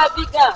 Sabika.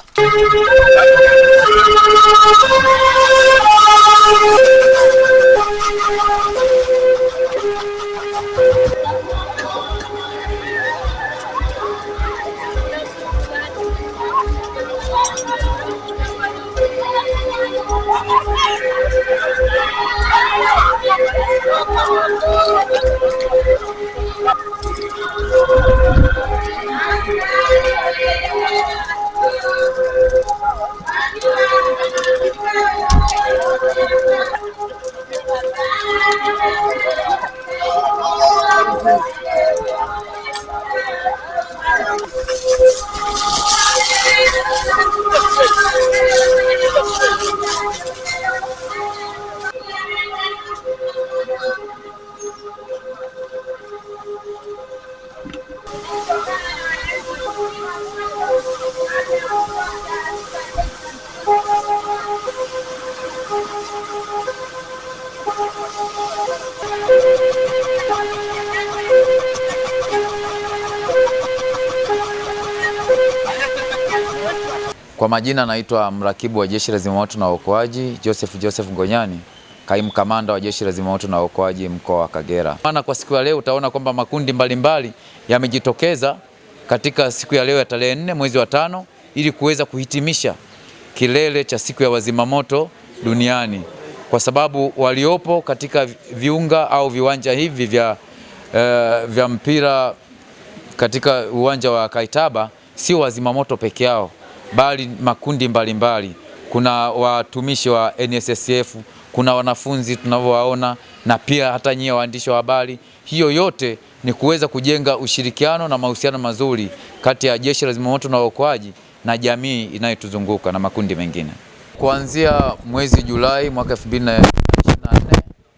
Thank you. Kwa majina naitwa mrakibu wa jeshi la zimamoto na uokoaji Joseph Joseph Ngonyani, kaimu kamanda wa jeshi la zimamoto na uokoaji mkoa wa Kagera. Maana kwa siku ya leo utaona kwamba makundi mbalimbali yamejitokeza katika siku ya leo ya tarehe nne mwezi wa tano ili kuweza kuhitimisha kilele cha siku ya wazimamoto duniani, kwa sababu waliopo katika viunga au viwanja hivi vya, uh, vya mpira katika uwanja wa Kaitaba sio wazimamoto peke yao bali makundi mbalimbali mbali. Kuna watumishi wa NSSF, kuna wanafunzi tunavyowaona na pia hata nyie waandishi wa habari. Hiyo yote ni kuweza kujenga ushirikiano na mahusiano mazuri kati ya Jeshi la Zimamoto na Uokoaji na jamii inayotuzunguka na makundi mengine. Kuanzia mwezi Julai mwaka 2024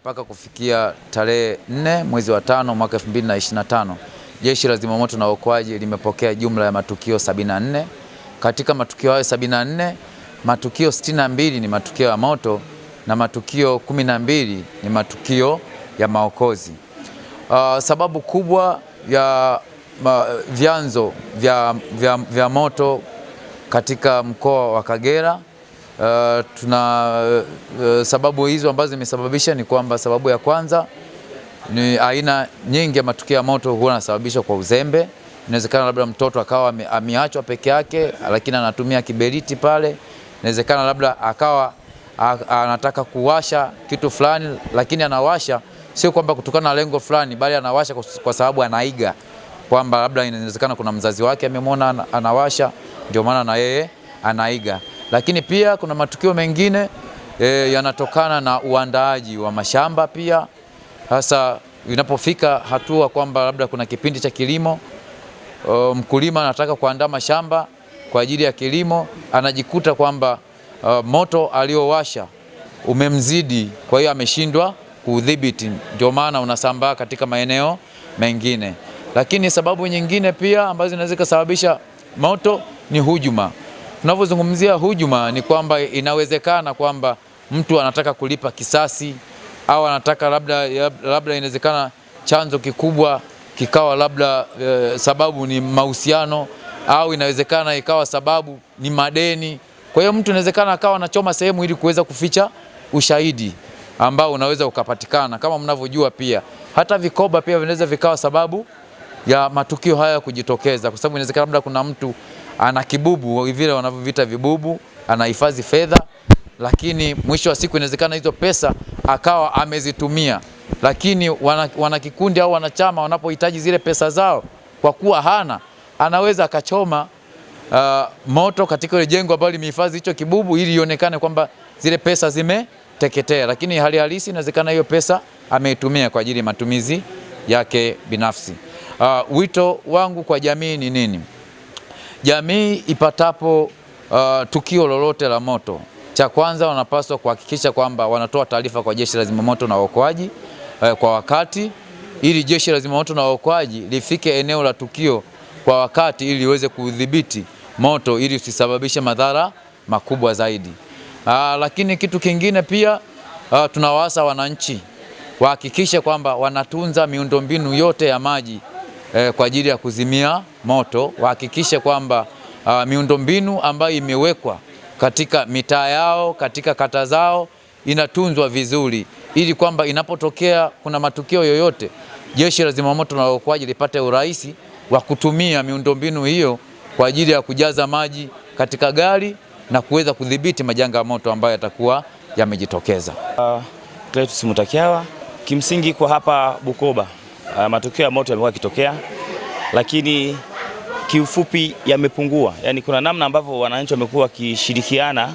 mpaka kufikia tarehe 4 mwezi wa tano mwaka 2025, Jeshi la Zimamoto na Uokoaji limepokea jumla ya matukio 74 katika matukio hayo 74 matukio 62 ni matukio ya moto na matukio 12 ni matukio ya maokozi. Uh, sababu kubwa ya ma, vyanzo vya, vya, vya moto katika mkoa wa Kagera Uh, tuna uh, sababu hizo ambazo zimesababisha ni kwamba sababu ya kwanza ni aina nyingi ya matukio ya moto huwa yanasababishwa kwa uzembe. Inawezekana labda mtoto akawa ameachwa peke yake, lakini anatumia kiberiti pale. Inawezekana labda akawa anataka kuwasha kitu fulani, lakini anawasha sio kwamba kutokana na lengo fulani, bali anawasha kwa sababu anaiga kwamba labda inawezekana kuna mzazi wake amemwona anawasha, ndio maana na yeye anaiga. Lakini pia kuna matukio mengine e, yanatokana na uandaaji wa mashamba pia, hasa inapofika hatua kwamba labda kuna kipindi cha kilimo mkulima anataka kuandaa mashamba kwa ajili ya kilimo, anajikuta kwamba uh, moto aliowasha umemzidi, kwa hiyo ameshindwa kuudhibiti, ndio maana unasambaa katika maeneo mengine. Lakini sababu nyingine pia ambazo zinaweza zikasababisha moto ni hujuma. Tunavyozungumzia hujuma, ni kwamba inawezekana kwamba mtu anataka kulipa kisasi au anataka labda, labda inawezekana chanzo kikubwa kikawa labda e, sababu ni mahusiano au inawezekana ikawa sababu ni madeni. Kwa hiyo mtu inawezekana akawa anachoma sehemu ili kuweza kuficha ushahidi ambao unaweza ukapatikana. Kama mnavyojua pia hata vikoba pia vinaweza vikawa sababu ya matukio haya kujitokeza, kwa sababu inawezekana labda kuna mtu ana kibubu vile wanavyovita vibubu, anahifadhi fedha, lakini mwisho wa siku inawezekana hizo pesa akawa amezitumia lakini wanakikundi wana au wanachama wanapohitaji zile pesa zao, kwa kuwa hana, anaweza akachoma uh, moto katika ile jengo ambalo limehifadhi hicho kibubu ili ionekane kwamba zile pesa zimeteketea, lakini hali halisi inawezekana hiyo pesa ameitumia kwa ajili ya matumizi yake binafsi. Uh, wito wangu kwa jamii ni nini? Jamii ipatapo uh, tukio lolote la moto, cha kwanza wanapaswa kuhakikisha kwamba wanatoa taarifa kwa Jeshi la Zimamoto na Uokoaji eh, kwa wakati ili jeshi la zimamoto na waokoaji lifike eneo la tukio kwa wakati ili liweze kudhibiti moto ili usisababishe madhara makubwa zaidi. Aa, ah, lakini kitu kingine pia aa, ah, tunawaasa wananchi wahakikishe kwamba wanatunza miundombinu yote ya maji eh, kwa ajili ya kuzimia moto. Wahakikishe kwamba ah, miundombinu ambayo imewekwa katika mitaa yao, katika kata zao inatunzwa vizuri ili kwamba inapotokea kuna matukio yoyote, jeshi la zimamoto na uokoaji lipate urahisi wa kutumia miundombinu hiyo kwa ajili ya kujaza maji katika gari na kuweza kudhibiti majanga ya moto ambayo yatakuwa yamejitokeza. Uh, Mutakiawa, kimsingi kwa hapa Bukoba uh, matukio ya moto yamekuwa yakitokea, lakini kiufupi yamepungua. Yaani kuna namna ambavyo wananchi wamekuwa wakishirikiana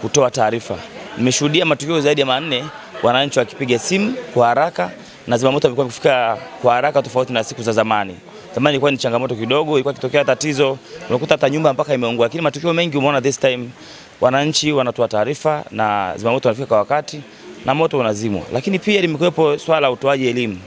kutoa taarifa. Nimeshuhudia matukio zaidi ya manne wananchi wakipiga simu kwa haraka na zimamoto ilikuwa kufika kwa haraka, tofauti na siku za zamani. Zamani ilikuwa ni changamoto kidogo, ilikuwa kitokea tatizo unakuta hata nyumba mpaka imeungua, lakini matukio mengi umeona this time wananchi wanatoa taarifa na zimamoto wanafika kwa wakati na moto unazimwa. Lakini pia limekuwepo swala la utoaji elimu.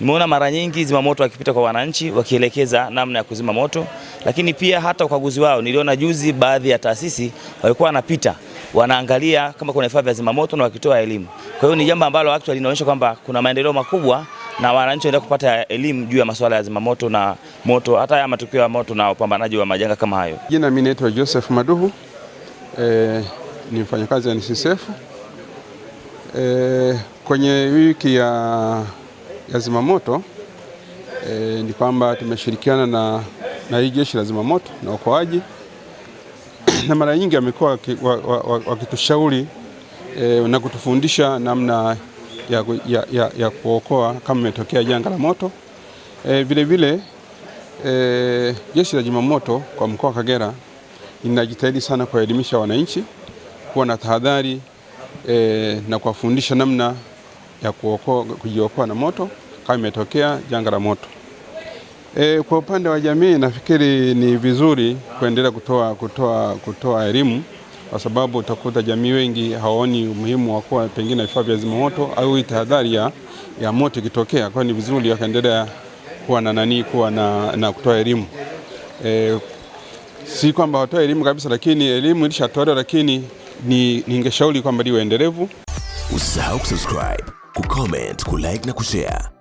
Nimeona mara nyingi zimamoto wakipita kwa wananchi wakielekeza namna ya kuzima moto, lakini pia hata ukaguzi wao, niliona juzi baadhi ya taasisi walikuwa wanapita wanaangalia kama kuna vifaa vya zimamoto na wakitoa elimu. Kwa hiyo ni jambo ambalo actually linaonyesha kwamba kuna maendeleo makubwa na wananchi wanaenda kupata elimu juu ya masuala ya zimamoto na moto, hata haya matukio ya moto na upambanaji wa majanga kama hayo. Jina mimi naitwa Joseph Maduhu e, ni mfanyakazi wa NSSF e, eh, kwenye wiki ya, ya zimamoto e, ni kwamba tumeshirikiana na, na hii jeshi la zimamoto na uokoaji na mara nyingi amekuwa wakitushauri e, na kutufundisha namna ya, ya, ya, ya kuokoa kama imetokea janga la moto vilevile. Eh, vile e, jeshi la zimamoto kwa mkoa wa Kagera inajitahidi sana kuwaelimisha wananchi kuwa na tahadhari e, na kuwafundisha namna ya kuokoa, kujiokoa na moto kama imetokea janga la moto. E, kwa upande wa jamii nafikiri ni vizuri kuendelea kutoa, kutoa, kutoa elimu kwa sababu utakuta jamii wengi hawaoni umuhimu wa kuwa pengine vifaa vya zimamoto au tahadhari ya, ya moto ikitokea. Kwa ni vizuri wakaendelea kuwa na nani kuwa na, na kutoa elimu e, si kwamba watoa elimu kabisa, lakini elimu ilishatolewa, lakini ningeshauri kwamba liwe endelevu. Usisahau kusubscribe, kucomment, kulike na kushare